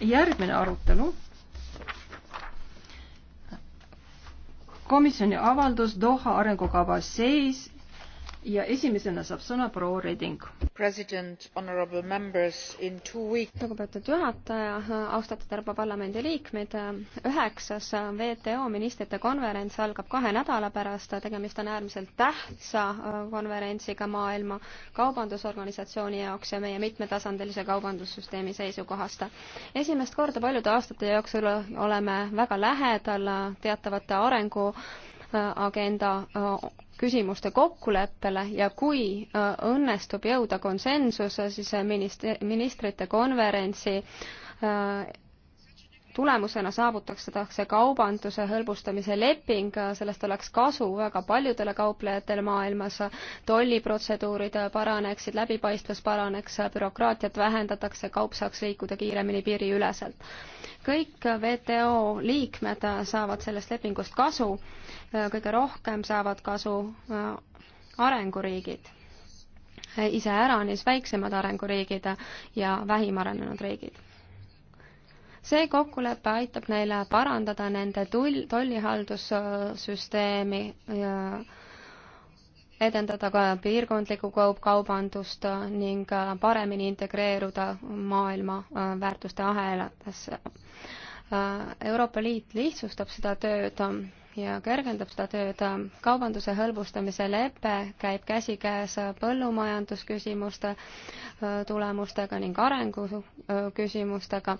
järgmine arutelu. komisjoni avaldus Doha arengukava seis ja esimesena saab sõna proua Reding. lugupeetud juhataja, austatud Euroopa Parlamendi liikmed, üheksas WTO ministrite konverents algab kahe nädala pärast, tegemist on äärmiselt tähtsa konverentsiga Maailma Kaubandusorganisatsiooni jaoks ja meie mitmetasandilise kaubandussüsteemi seisukohast. esimest korda paljude aastate jooksul oleme väga lähedal teatavate arengu agenda äh, küsimuste kokkuleppele ja kui äh, õnnestub jõuda konsensuse, siis äh, ministrite konverentsi tulemusena saavutatakse kaubanduse hõlbustamise leping, sellest oleks kasu väga paljudele kauplejatele maailmas, tolliprotseduurid paraneksid, läbipaistvus paraneks, bürokraatiat vähendatakse, kaup saaks liikuda kiiremini piiriüleselt. kõik WTO liikmed saavad sellest lepingust kasu, kõige rohkem saavad kasu äh, arenguriigid iseäranis väiksemad arenguriigid ja vähim arenenud riigid see kokkulepe aitab neile parandada nende tull, tollihaldussüsteemi ja edendada ka piirkondlikku kaubandust ning paremini integreeruda maailma äh, väärtuste ahelatesse. Äh, Euroopa Liit lihtsustab seda tööd ja kergendab seda tööd. kaubanduse hõlbustamise lepe käib käsikäes põllumajandusküsimuste äh, tulemustega ning arenguküsimustega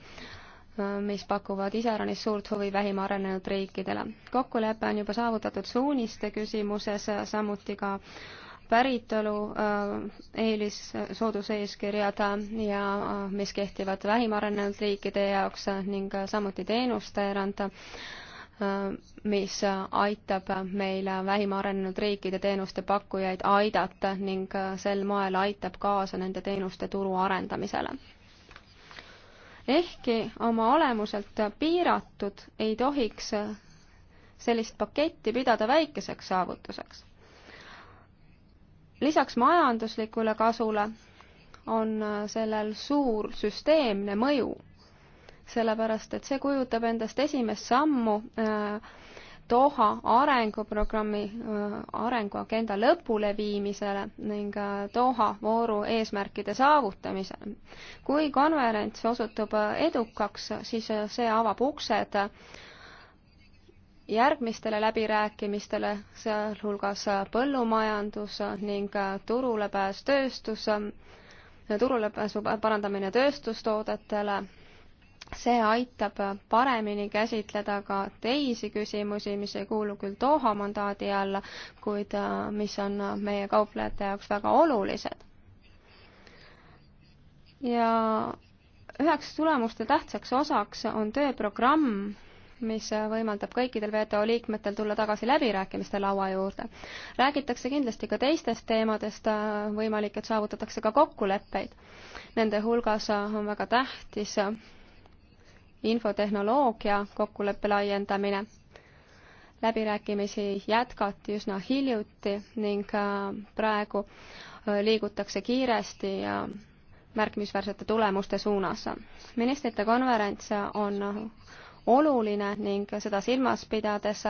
mis pakuvad iseäranis suurt huvi vähim arenenud riikidele. kokkulepe on juba saavutatud suuniste küsimuses, samuti ka päritolu äh, eelis, sooduseeskirjad ja äh, mis kehtivad vähim arenenud riikide jaoks ning samuti teenuste erand, äh, mis aitab meil vähim arenenud riikide teenuste pakkujaid aidata ning sel moel aitab kaasa nende teenuste turu arendamisele ehkki oma olemuselt piiratud, ei tohiks sellist paketti pidada väikeseks saavutuseks. lisaks majanduslikule kasule on sellel suur süsteemne mõju, sellepärast et see kujutab endast esimest sammu äh, Doha arenguprogrammi äh, arenguagenda lõpuleviimisele ning äh, Doha vooru eesmärkide saavutamisele. kui konverents osutub äh, edukaks, siis see avab uksed järgmistele läbirääkimistele, sealhulgas põllumajandus ning turulepääs tööstus, turulepääsu parandamine tööstustoodetele see aitab paremini käsitleda ka teisi küsimusi, mis ei kuulu küll Doha mandaadi alla, kuid äh, mis on meie kauplejate jaoks väga olulised. ja üheks tulemuste tähtsaks osaks on tööprogramm, mis võimaldab kõikidel WTO liikmetel tulla tagasi läbirääkimiste laua juurde. räägitakse kindlasti ka teistest teemadest, äh, võimalik, et saavutatakse ka kokkuleppeid. Nende hulgas äh, on väga tähtis infotehnoloogia kokkuleppe laiendamine. läbirääkimisi jätkati üsna hiljuti ning äh, praegu äh, liigutakse kiiresti ja märkimisväärsete tulemuste suunas. ministrite konverents on äh, oluline ning seda silmas pidades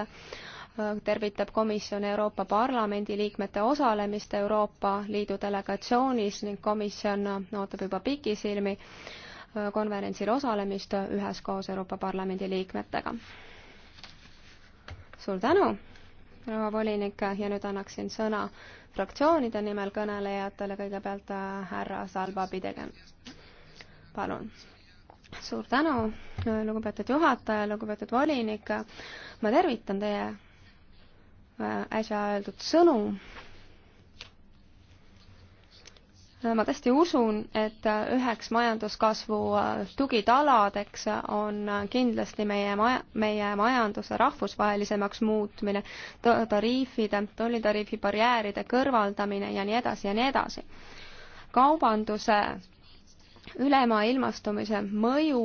tervitab komisjon Euroopa Parlamendi liikmete osalemist Euroopa Liidu delegatsioonis ning komisjon ootab juba pikisilmi konverentsil osalemist üheskoos Euroopa Parlamendi liikmetega. suur tänu, proua volinik, ja nüüd annaksin sõna fraktsioonide nimel kõnelejatele, kõigepealt äh, härra Salva Pidegen. palun. suur tänu, lugupeetud juhataja, lugupeetud volinik, ma tervitan teie äh, äsja öeldud sõnu Äh, ma tõesti usun, et äh, üheks majanduskasvu äh, tugitaladeks on kindlasti meie maja, meie majanduse rahvusvahelisemaks muutmine, tariifide, tollitariifi barjääride kõrvaldamine ja nii edasi ja nii edasi. kaubanduse ülemaailmastumise mõju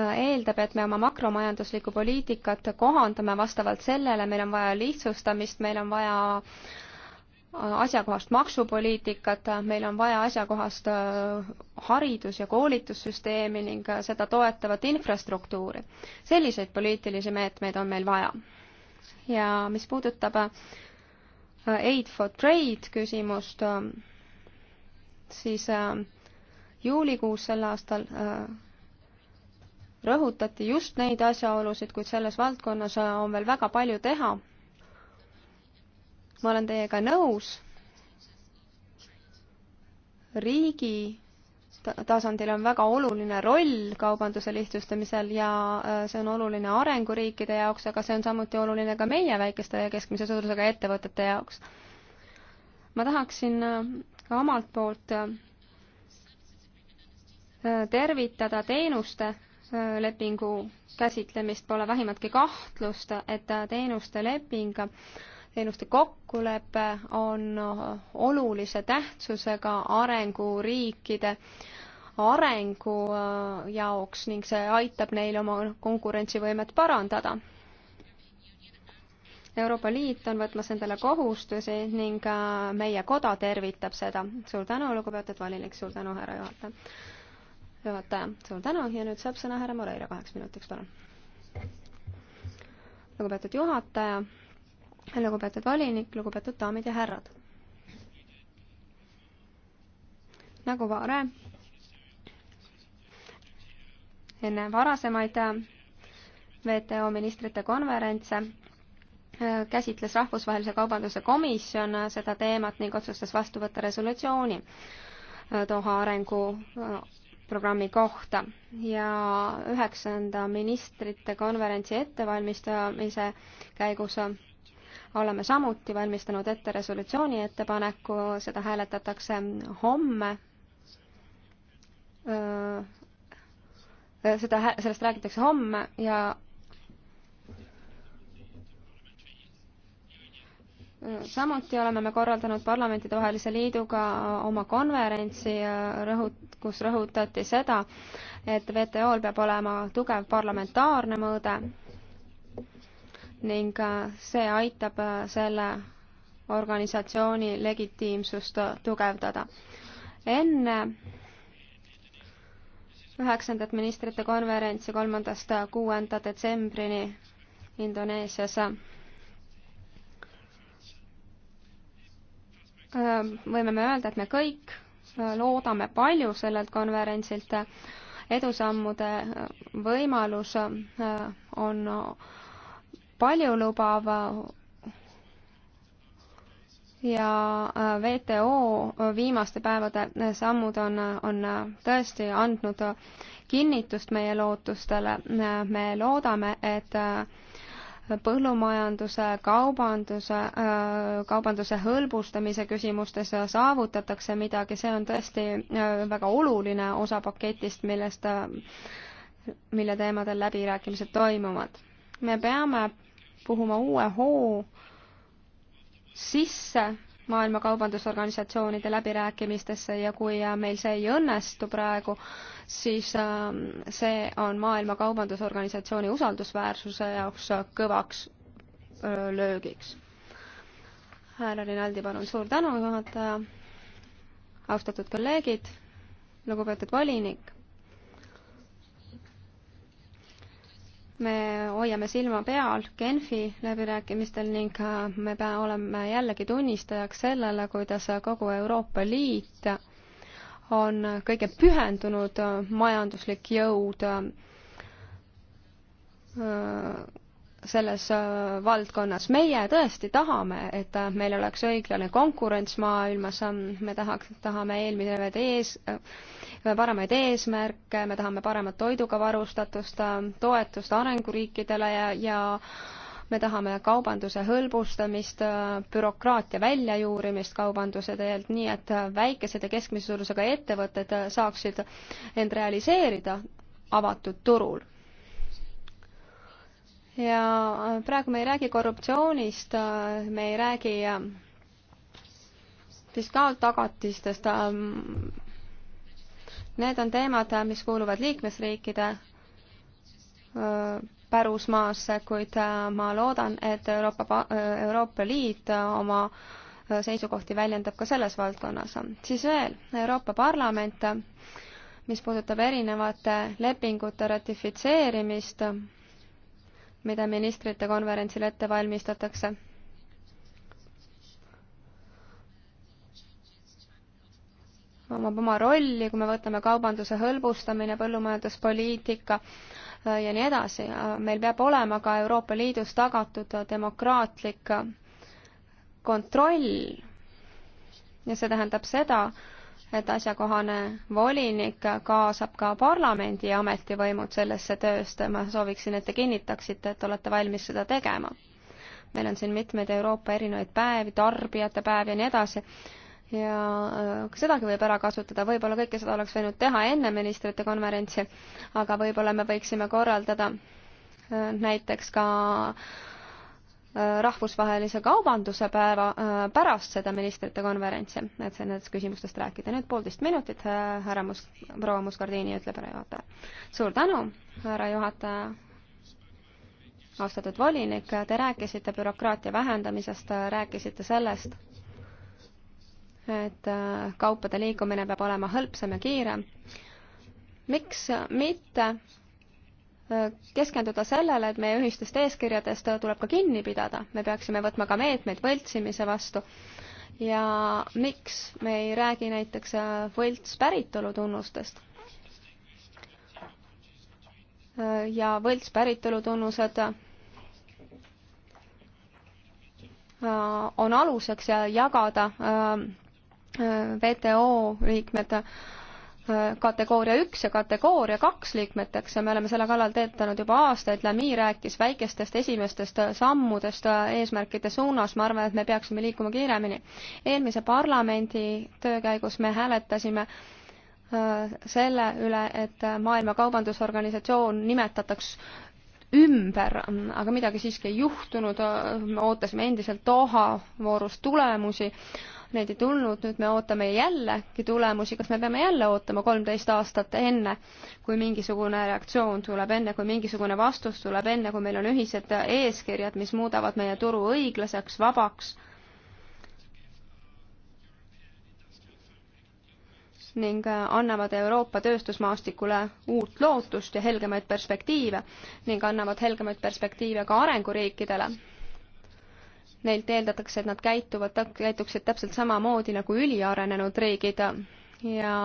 eeldab, et me oma makromajanduslikku poliitikat kohandame vastavalt sellele, meil on vaja lihtsustamist, meil on vaja äh, asjakohast maksupoliitikat, meil on vaja asjakohast äh, haridus- ja koolitussüsteemi ning äh, seda toetavat infrastruktuuri. selliseid poliitilisi meetmeid on meil vaja. ja mis puudutab äh, Aid for Trade küsimust, siis juulikuus sel aastal rõhutati just neid asjaolusid, kuid selles valdkonnas on veel väga palju teha ma olen teiega nõus. riigi tasandil on väga oluline roll kaubanduse lihtsustamisel ja äh, see on oluline arenguriikide jaoks, aga see on samuti oluline ka meie väikeste ja keskmise suurusega ettevõtete jaoks. ma tahaksin äh, ka omalt poolt äh, tervitada teenuste lepingu käsitlemist, pole vähimatki kahtlust, et teenuste leping teenuste kokkulepe on olulise tähtsusega arenguriikide arengu äh, jaoks ning see aitab neil oma konkurentsivõimet parandada. Euroopa Liit on võtmas endale kohustusi ning äh, meie koda tervitab seda. suur tänu, lugupeetud valinik, suur tänu, härra juhataja. juhataja, suur tänu ja nüüd saab sõna härra Moreira kaheks minutiks, palun. lugupeetud juhataja lugupeetud volinik, lugupeetud daamid ja härrad. nagu varem, enne varasemaid äh, WTO ministrite konverentse äh, käsitles Rahvusvahelise Kaubanduse Komisjon äh, seda teemat ning otsustas vastu võtta resolutsiooni Doha arenguprogrammi kohta ja üheksanda ministrite konverentsi ettevalmistamise käigus oleme samuti valmistanud ette resolutsiooni ettepaneku, seda hääletatakse homme. seda, sellest räägitakse homme ja samuti oleme me korraldanud parlamentidevahelise liiduga oma konverentsi, rõhut-, kus rõhutati seda, et WTO-l peab olema tugev parlamentaarne mõõde ning äh, see aitab äh, selle organisatsiooni legitiimsust tugevdada. enne üheksandat ministrite konverentsi kolmandast kuuenda detsembrini Indoneesias äh, võime me öelda, et me kõik loodame palju sellelt konverentsilt. edusammude võimalus on paljulubav ja äh, WTO viimaste päevade sammud on, on tõesti andnud kinnitust meie lootustele. me loodame, et äh, põllumajanduse, kaubanduse, äh, kaubanduse hõlbustamise küsimustes saavutatakse midagi, see on tõesti väga oluline osa paketist, millest, mille teemadel läbirääkimised toimuvad. me peame puhuma uue hoo sisse Maailma Kaubandusorganisatsioonide läbirääkimistesse ja kui äh, meil see ei õnnestu praegu, siis äh, see on Maailma Kaubandusorganisatsiooni usaldusväärsuse jaoks äh, kõvaks löögiks. härra Rinaldi, palun, suur tänu, juhataja, austatud kolleegid, lugupeetud volinik me hoiame silma peal Genfi läbirääkimistel ning äh, me pea olema jällegi tunnistajaks sellele, kuidas kogu Euroopa Liit on kõige pühendunud äh, majanduslik jõud äh, selles äh, valdkonnas. meie tõesti tahame, et äh, meil oleks õiglane konkurents maailmas, ähm, me tahaks, tahame eelmised ees, äh, paremaid eesmärke, me tahame paremat toiduga varustatust, ähm, toetust arenguriikidele ja, ja me tahame kaubanduse hõlbustamist, bürokraatia väljajuurimist kaubanduse teelt, nii et väikesed ja keskmise suurusega ettevõtted saaksid end realiseerida avatud turul ja äh, praegu me ei räägi korruptsioonist, äh, me ei räägi äh, fiskaaltagatistest. Ähm, need on teemad, mis kuuluvad liikmesriikide pärusmaasse, kuid ma loodan, et Euroopa, Euroopa Liit oma seisukohti väljendab ka selles valdkonnas. siis veel Euroopa Parlament, mis puudutab erinevate lepingute ratifitseerimist mida ministrite konverentsil ette valmistatakse. omab oma rolli, kui me võtame kaubanduse hõlbustamine, põllumajanduspoliitika äh, ja nii edasi. meil peab olema ka Euroopa Liidus tagatud demokraatlik äh, kontroll ja see tähendab seda, et asjakohane volinik kaasab ka parlamendi ja ametivõimud sellesse tööst. ma sooviksin, et te kinnitaksite, et olete valmis seda tegema. meil on siin mitmeid Euroopa erinevaid päevi, tarbijate päev ja nii edasi ja äh, sedagi võib ära kasutada, võib-olla kõike seda oleks võinud teha enne ministrite konverentsi, aga võib-olla me võiksime korraldada äh, näiteks ka äh, Äh, rahvusvahelise kaubanduse päeva äh, pärast seda ministrite konverentsi, et nendest küsimustest rääkida. nüüd poolteist minutit, äh, härra Mus-, proua Muskardiini ütleb härra juhataja. suur tänu, härra juhataja, austatud volinik, te rääkisite bürokraatia vähendamisest, rääkisite sellest, et kaupade liikumine peab olema hõlpsam ja kiirem. miks mitte keskenduda sellele, et meie ühistest eeskirjadest tuleb ka kinni pidada, me peaksime võtma ka meetmeid võltsimise vastu. ja miks me ei räägi näiteks äh, võltspäritolu tunnustest? Äh, ja võltspäritolu tunnused äh, on aluseks jagada WTO liikmed kategooria üks ja kategooria kaks liikmeteks ja me oleme selle kallal töötanud juba aastaid. Lami rääkis väikestest esimestest sammudest eesmärkide suunas, ma arvan, et me peaksime liikuma kiiremini. eelmise parlamendi töö käigus me hääletasime äh, selle üle, et Maailma Kaubandusorganisatsioon nimetataks ümber, aga midagi siiski ei juhtunud, me ootasime endiselt Doha voorus tulemusi neid ei tulnud, nüüd me ootame jällegi tulemusi, kas me peame jälle ootama kolmteist aastat enne, kui mingisugune reaktsioon tuleb, enne kui mingisugune vastus tuleb, enne kui meil on ühised eeskirjad, mis muudavad meie turu õiglaseks, vabaks ning äh, annavad Euroopa tööstusmaastikule uut lootust ja helgemaid perspektiive ning annavad helgemaid perspektiive ka arenguriikidele neilt eeldatakse, et nad käituvad, käituksid täpselt samamoodi nagu üliarenenud riigid ja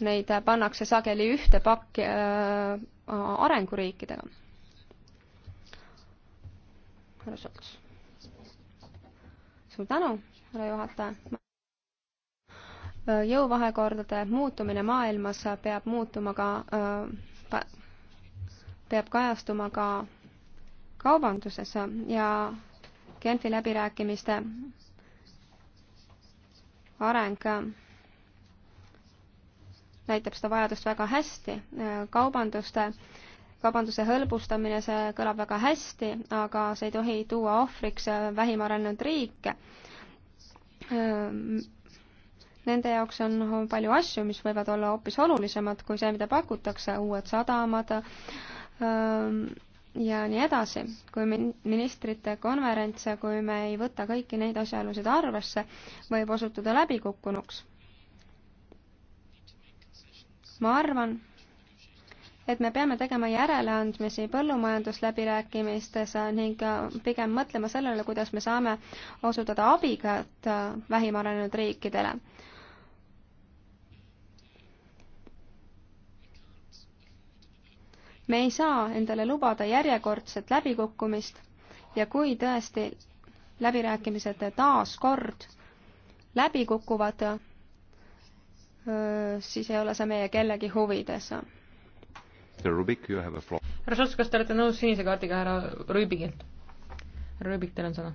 neid pannakse sageli ühte pakki äh, arenguriikidega. härra Šoks. suur tänu, härra juhataja äh, jõuvahekordade muutumine maailmas peab muutuma ka, äh, peab kajastuma ka kaubanduses ja Genfi läbirääkimiste areng näitab seda vajadust väga hästi. kaubanduste, kaubanduse hõlbustamine, see kõlab väga hästi, aga see ei tohi tuua ohvriks vähim arenenud riike. Nende jaoks on palju asju, mis võivad olla hoopis olulisemad kui see, mida pakutakse, uued sadamad, ja nii edasi, kui ministrite konverents, kui me ei võta kõiki neid asjaolusid arvesse, võib osutuda läbikukkunuks. ma arvan, et me peame tegema järeleandmisi põllumajandusläbirääkimistes ning pigem mõtlema sellele, kuidas me saame osutada abikätt vähim arenenud riikidele me ei saa endale lubada järjekordset läbikukkumist ja kui tõesti läbirääkimised taas kord läbi kukuvad, siis ei ole see meie kellegi huvides. härra Šots, kas te olete nõus sinise kaardiga härra Rüübigilt? härra Rüübik, teil on sõna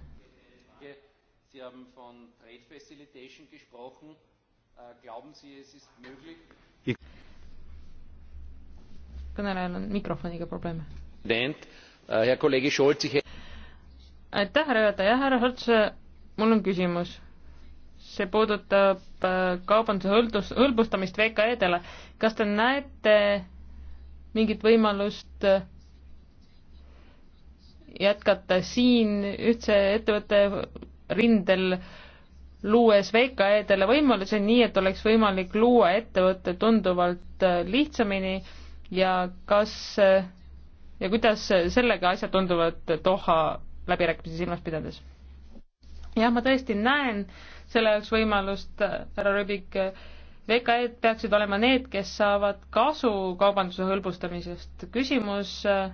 kõnelejal on mikrofoniga probleeme. Äh, aitäh, härra juhataja, härra Šolts, mul on küsimus. see puudutab äh, kaubanduse hõldus, hõlbustamist VKE-dele. kas te näete mingit võimalust äh, jätkata siin ühtse ettevõtte rindel luues VKE-dele võimalusi nii, et oleks võimalik luua ettevõte tunduvalt lihtsamini ja kas ja kuidas sellega asjad tunduvad Doha läbirääkimisi silmas pidades? jah, ma tõesti näen selle jaoks võimalust, härra Rööbik, VKE-d peaksid olema need, kes saavad kasu kaubanduse hõlbustamisest. küsimus äh,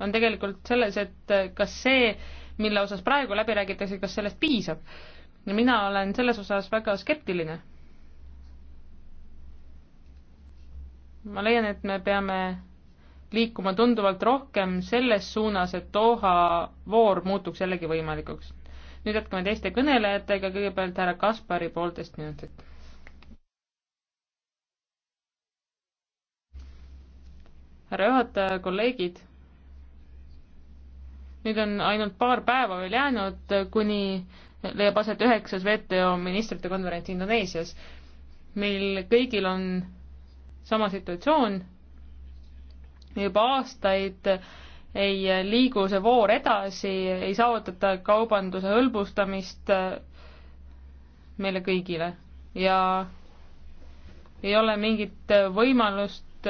on tegelikult selles, et äh, kas see, mille osas praegu läbi räägitakse, kas sellest piisab? mina olen selles osas väga skeptiline ma leian, et me peame liikuma tunduvalt rohkem selles suunas, et Doha voor muutuks jällegi võimalikuks. nüüd jätkame teiste kõnelejatega, kõigepealt härra Kaspari poolteist minutit. härra juhataja, kolleegid, nüüd on ainult paar päeva veel jäänud, kuni leiab aset üheksas WTO ministrite konverents Indoneesias. meil kõigil on sama situatsioon. juba aastaid ei liigu see voor edasi, ei saavutata kaubanduse hõlbustamist meile kõigile ja ei ole mingit võimalust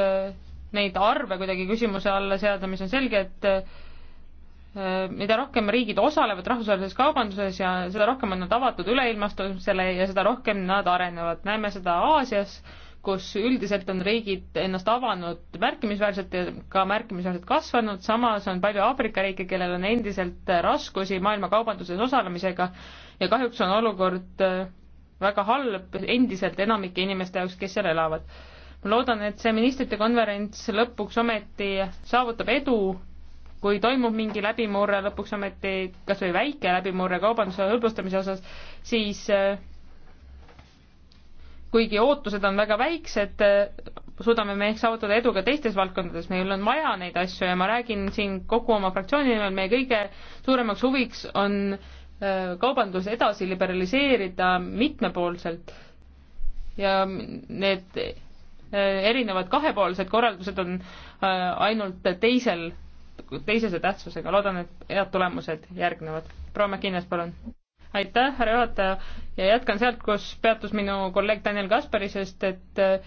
neid arve kuidagi küsimuse alla seada, mis on selge, et äh, mida rohkem riigid osalevad rahvusvahelises kaubanduses ja seda rohkem on nad avatud üleilmastumisele ja seda rohkem nad arenevad. näeme seda Aasias äh,, kus üldiselt on riigid ennast avanud märkimisväärselt ja ka märkimisväärselt kasvanud, samas on palju Aafrika riike, kellel on endiselt raskusi maailmakaubanduses osalemisega ja kahjuks on olukord äh, väga halb endiselt enamike inimeste jaoks, kes seal elavad. ma loodan, et see ministrite konverents lõpuks ometi saavutab edu, kui toimub mingi läbimurre lõpuks ometi, kas või väike läbimurre kaubanduse hõlbustamise osas, siis äh, kuigi ootused on väga väiksed, äh, suudame me ehk saavutada edu ka teistes valdkondades, meil on vaja neid asju ja ma räägin siin kogu oma fraktsiooni nimel, meie kõige suuremaks huviks on äh, kaubandus edasi liberaliseerida mitmepoolselt ja need äh, erinevad kahepoolsed korraldused on ainult teisel, teisese tähtsusega, loodan, et head tulemused järgnevad. proua Mäkinnas, palun aitäh, härra juhataja, ja jätkan sealt, kus peatus minu kolleeg Daniel Kaspari, sest et äh,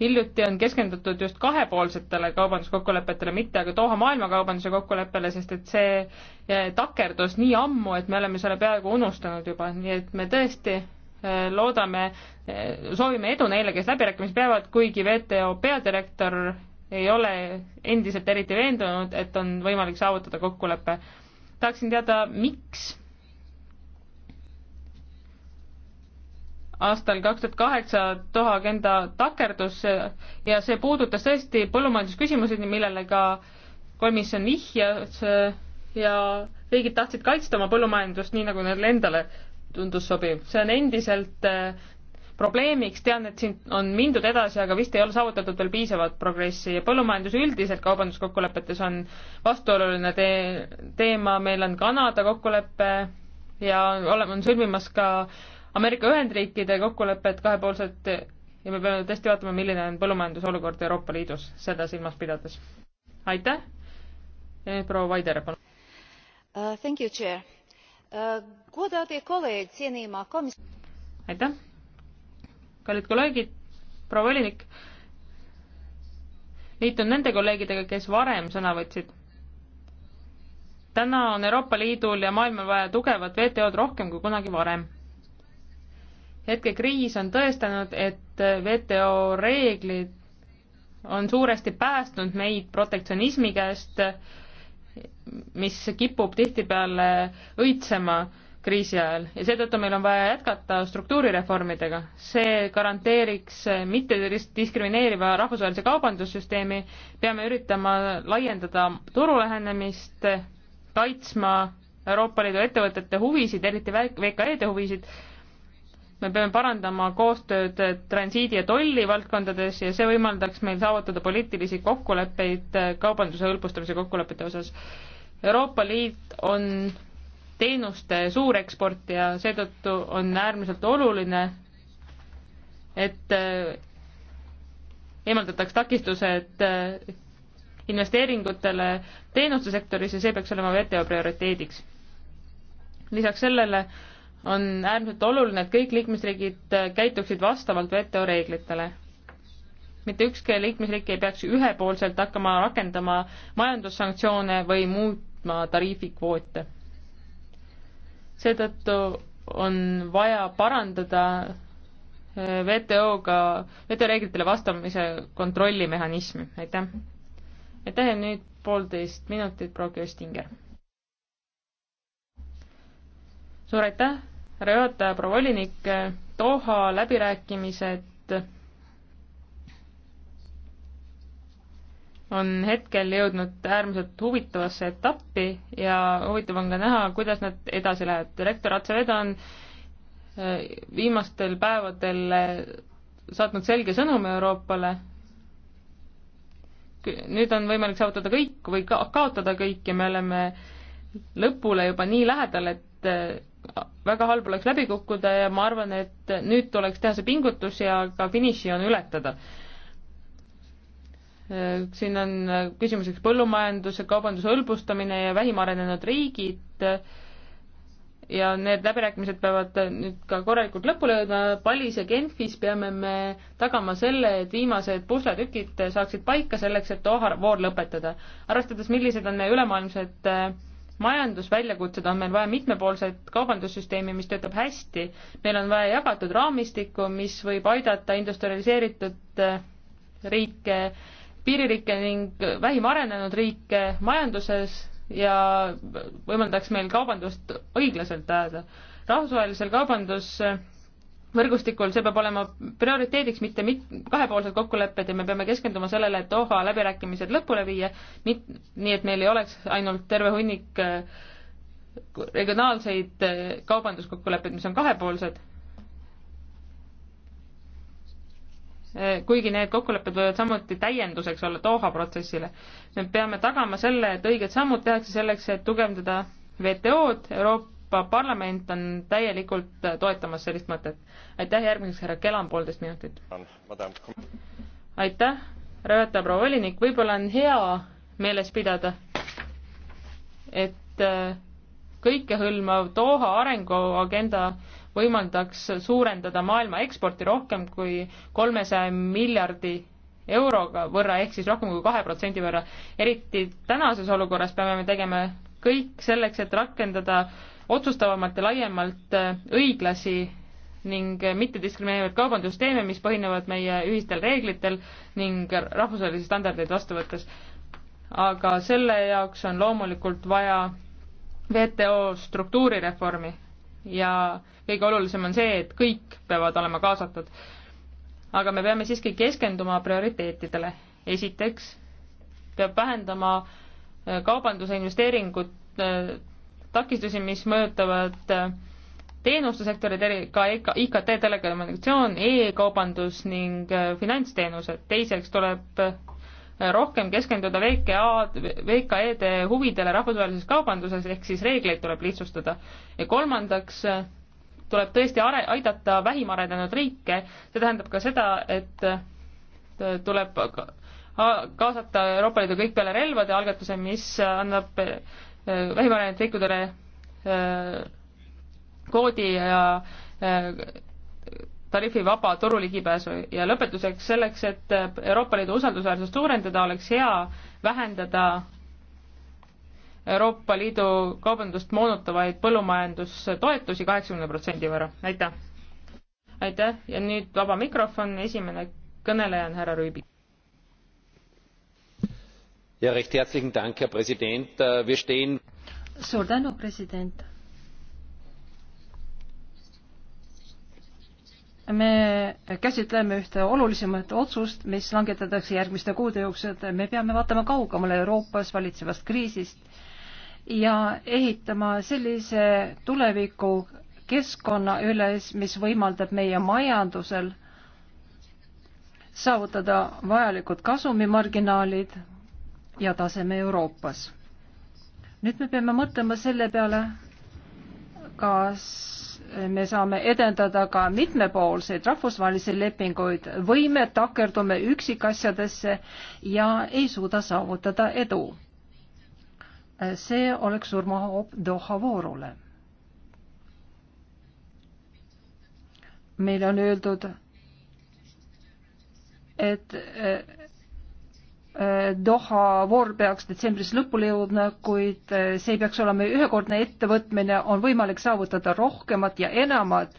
hiljuti on keskendutud just kahepoolsetele kaubanduskokkulepetele, mitte aga Doha maailmakaubanduse kokkuleppele, sest et see äh, takerdus nii ammu, et me oleme selle peaaegu unustanud juba, nii et me tõesti äh, loodame, soovime edu neile, kes läbirääkimisi peavad, kuigi WTO peadirektor ei ole endiselt eriti veendunud, et on võimalik saavutada kokkulepe. tahaksin teada, miks aastal kaks tuhat kaheksa Doha agenda takerdus ja see puudutas tõesti põllumajandusküsimuseid, millele ka komisjon vihjas ja riigid tahtsid kaitsta oma põllumajandust nii, nagu neile endale tundus sobiv. see on endiselt äh, probleemiks, tean, et siin on mindud edasi, aga vist ei ole saavutatud veel piisavat progressi ja põllumajandus üldiselt kaubanduskokkulepetes on vastuoluline te teema, meil on Kanada kokkulepe ja oleme, on sõlmimas ka Ameerika Ühendriikide kokkulepet kahepoolselt ja me peame tõesti vaatama, milline on põllumajandusolukord Euroopa Liidus, seda silmas pidades. aitäh, proua Vaider, palun uh,. Thank you, chair uh,. Godātie kolēģi, cienījumā komis-. aitäh, kallid kolleegid, proua volinik, liitun nende kolleegidega, kes varem sõna võtsid. täna on Euroopa Liidul ja maailmal vaja tugevat WTO-d rohkem kui kunagi varem hetkekriis on tõestanud, et WTO reeglid on suuresti päästnud meid protektsionismi käest, mis kipub tihtipeale õitsema kriisi ajal ja seetõttu meil on vaja jätkata struktuurireformidega. see garanteeriks mitte diskrimineeriva rahvusvahelise kaubandussüsteemi, peame üritama laiendada turu lähenemist, kaitsma Euroopa Liidu ettevõtete huvisid, eriti VKE-de huvisid me peame parandama koostööd transiidi ja tolli valdkondades ja see võimaldaks meil saavutada poliitilisi kokkuleppeid kaubanduse hõlbustamise kokkulepete osas. Euroopa Liit on teenuste suureksport ja seetõttu on äärmiselt oluline, et äh, eemaldataks takistused äh, investeeringutele teenuste sektoris ja see peaks olema WTO prioriteediks. lisaks sellele on äärmiselt oluline, et kõik liikmesriigid äh, käituksid vastavalt WTO reeglitele. mitte ükski liikmesriik ei peaks ühepoolselt hakkama rakendama majandussanktsioone või muutma tariifikvoote. seetõttu on vaja parandada äh, WTO-ga, WTO reeglitele vastamise kontrollimehhanismi, aitäh. aitäh ja nüüd poolteist minutit, proua Köstinger. suur aitäh härra juhataja, proua volinik, Doha läbirääkimised on hetkel jõudnud äärmiselt huvitavasse etappi ja huvitav on ka näha, kuidas nad edasi lähevad. direktor Atseveda on äh, viimastel päevadel äh, saatnud selge sõnumi Euroopale, nüüd on võimalik saavutada kõik või ka kaotada kõik ja me oleme lõpule juba nii lähedal, et äh, väga halb oleks läbi kukkuda ja ma arvan, et nüüd tuleks teha see pingutus ja ka finišijoon ületada. siin on küsimuseks põllumajanduse, kaubanduse hõlbustamine ja vähim arenenud riigid ja need läbirääkimised peavad nüüd ka korralikult lõpule jõudma, Palis ja Genfis peame me tagama selle, et viimased pusletükid saaksid paika selleks, et Doha voor lõpetada. arvestades, millised on meie ülemaailmsed äh, majandusväljakutsed on meil vaja mitmepoolset kaubandussüsteemi, mis töötab hästi, meil on vaja jagatud raamistikku, mis võib aidata industrialiseeritud eh, riike, piiririike ning vähim arenenud riike majanduses ja võimaldaks meil kaubandust õiglaselt ajada. rahvusvahelisel kaubandus võrgustikul, see peab olema prioriteediks, mitte mit-, kahepoolsed kokkulepped ja me peame keskenduma sellele, et Doha läbirääkimised lõpule viia, mit-, nii et meil ei oleks ainult terve hunnik äh, regionaalseid äh, kaubanduskokkuleppeid, mis on kahepoolsed, äh, kuigi need kokkulepped võivad samuti täienduseks olla Doha protsessile. me peame tagama selle, et õiged sammud tehakse selleks, et tugevdada WTO-d, Euroopa Euroopa Parlament on täielikult toetamas sellist mõtet. aitäh, järgmiseks härra Kelam, poolteist minutit. aitäh, härra juhataja, proua volinik, võib-olla on hea meeles pidada, et äh, kõikehõlmav Doha arenguagenda võimaldaks suurendada maailma eksporti rohkem kui kolmesaja miljardi euroga võrra, ehk siis rohkem kui kahe protsendi võrra. eriti tänases olukorras peame me tegema kõik selleks, et rakendada otsustavamalt ja laiemalt äh, õiglasi ning äh, mittediskrimineerivaid kaubandussüsteeme, mis põhinevad meie ühistel reeglitel ning rahvusvahelisi standardeid vastu võttes. aga selle jaoks on loomulikult vaja WTO struktuurireformi ja kõige olulisem on see, et kõik peavad olema kaasatud. aga me peame siiski keskenduma prioriteetidele. esiteks peab vähendama äh, kaubanduse investeeringut takistusi, mis mõjutavad äh, teenustesektorid, ka e IKT, telekommunikatsioon e, e-kaubandus ning äh, finantsteenused. teiseks tuleb äh, rohkem keskenduda VKA, VKE-de huvidele rahvusvahelises kaubanduses, ehk siis reegleid tuleb lihtsustada. ja kolmandaks tuleb tõesti are-, aidata vähim arenenud riike, see tähendab ka seda, et tuleb kaasata Euroopa Liidu kõik peale relvade algatuse, mis annab vähimaarjane tekkudele äh, koodi ja äh, tariifivaba toru ligipääsu ja lõpetuseks selleks, et äh, Euroopa Liidu usaldusväärsust suurendada, oleks hea vähendada Euroopa Liidu kaubandust moonutavaid põllumajandustoetusi kaheksakümne protsendi võrra, aitäh! aitäh ja nüüd vaba mikrofon, esimene kõneleja on härra Rüübik. Äh, suur tänu president! me käsitleme ühte olulisemat otsust, mis langetatakse järgmiste kuude jooksul, et me peame vaatama kaugemale Euroopas valitsevast kriisist ja ehitama sellise tuleviku keskkonna üles, mis võimaldab meie majandusel saavutada vajalikud kasumimarginaalid ja taseme Euroopas. nüüd me peame mõtlema selle peale, kas me saame edendada ka mitmepoolseid rahvusvahelisi lepinguid või me takerdume üksikasjadesse ja ei suuda saavutada edu. see oleks surmahoop Doha voorule. meile on öeldud, et Doha voor peaks detsembris lõpule jõudma, kuid eh, see peaks olema ühekordne ettevõtmine, on võimalik saavutada rohkemat ja enamat.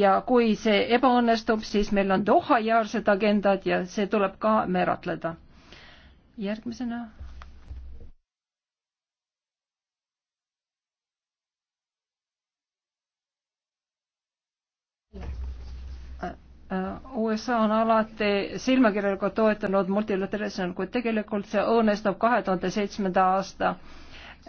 ja kui see ebaõnnestub, siis meil on Doha-jaarsed agendad ja see tuleb ka määratleda. järgmisena Äh, USA on alati silmakirjalikult toetanud multilateralismi, kuid tegelikult see õõnestab kahe tuhande seitsmenda aasta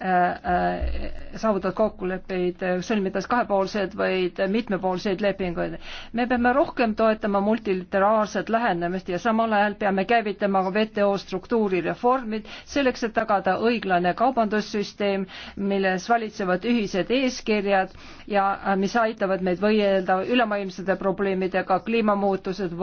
Äh, äh, saavutada kokkuleppeid, äh, sõlmides kahepoolseid või mitmepoolseid lepinguid. me peame rohkem toetama multilateraalset lähenemist ja samal ajal peame käivitama ka WTO struktuurireformid, selleks et tagada õiglane kaubandussüsteem, milles valitsevad ühised eeskirjad ja mis aitavad meid võidelda ülemaailmsete probleemidega, kliimamuutused,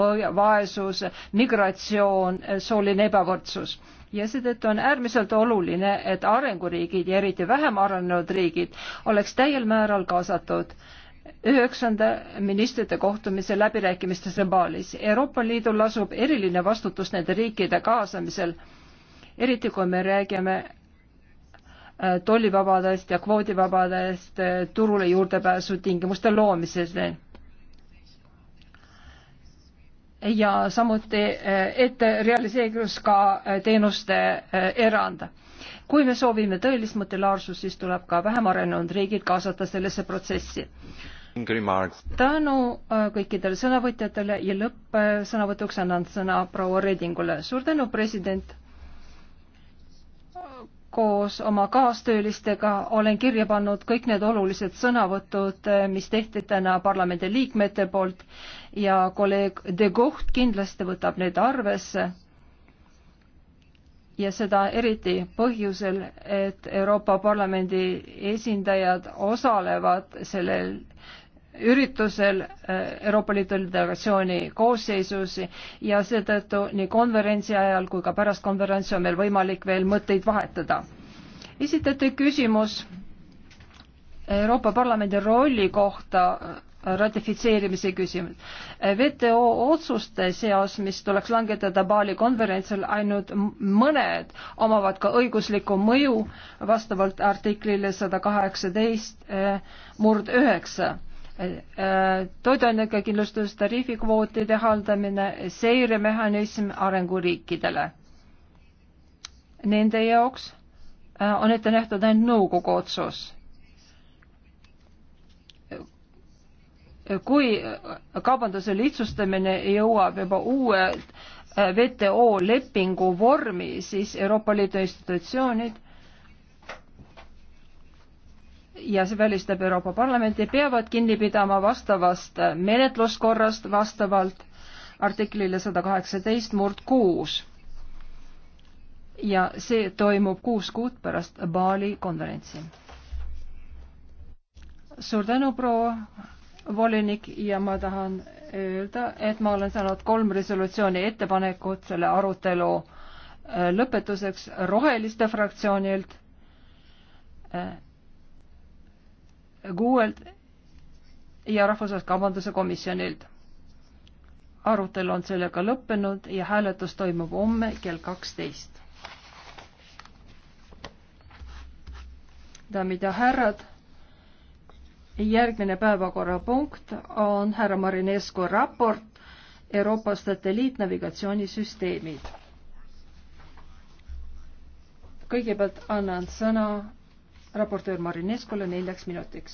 vaesus, migratsioon, sooline ebavõrdsus ja seetõttu on äärmiselt oluline, et arenguriigid ja eriti vähem arenenud riigid oleks täiel määral kaasatud üheksanda ministrite kohtumise läbirääkimistes Balis. Euroopa Liidul lasub eriline vastutus nende riikide kaasamisel, eriti kui me räägime äh, tollivabadest ja kvoodivabadest äh, turule juurdepääsu tingimuste loomisele ja samuti eh, ette realiseeriks ka eh, teenuste eh, erand. kui me soovime tõelist modulaarsust, siis tuleb ka vähem arenenud riigid kaasata sellesse protsessi. tänu kõikidele sõnavõtjatele ja lõppsõnavõtuks annan sõna proua Redingule. suur tänu, president koos oma kaastöölistega olen kirja pannud kõik need olulised sõnavõtud, eh, mis tehti täna parlamendi liikmete poolt ja kolleeg De Gucht kindlasti võtab need arvesse. ja seda eriti põhjusel, et Euroopa Parlamendi esindajad osalevad sellel üritusel äh, Euroopa Liidu delegatsiooni koosseisus ja seetõttu nii konverentsi ajal kui ka pärast konverentsi on meil võimalik veel mõtteid vahetada. esitati küsimus Euroopa Parlamendi rolli kohta äh, ratifitseerimise küsimus. Äh, WTO otsuste seas, mis tuleks langetada Bali konverentsil, ainult mõned omavad ka õiguslikku mõju vastavalt artiklile sada kaheksateist murd üheksa toiduainete kindlustus, tariifikvootide haldamine, seiremehhanism arenguriikidele. Nende jaoks äh, on ette nähtud ainult nõukogu otsus. kui äh, kaubanduse lihtsustamine jõuab juba uue äh, WTO lepingu vormi, siis Euroopa Liidu institutsioonid ja see välistab Euroopa Parlamenti, peavad kinni pidama vastavast menetluskorrast vastavalt artiklile sada kaheksateist murd kuus. ja see toimub kuus kuud pärast Bali konverentsi. suur tänu, proua volinik ja ma tahan öelda, et ma olen saanud kolm resolutsiooni ettepanekut selle arutelu äh, lõpetuseks Roheliste fraktsioonilt äh, kuuelt ja Rahvusvahelise Kaubanduse Komisjonilt. arutelu on sellega lõppenud ja hääletus toimub homme kell kaksteist. daamid ja härrad, järgmine päevakorrapunkt on härra Marinesko raport Euroopa satelliitnavigatsioonisüsteemid. kõigepealt annan sõna raportöör Marineskole neljaks minutiks.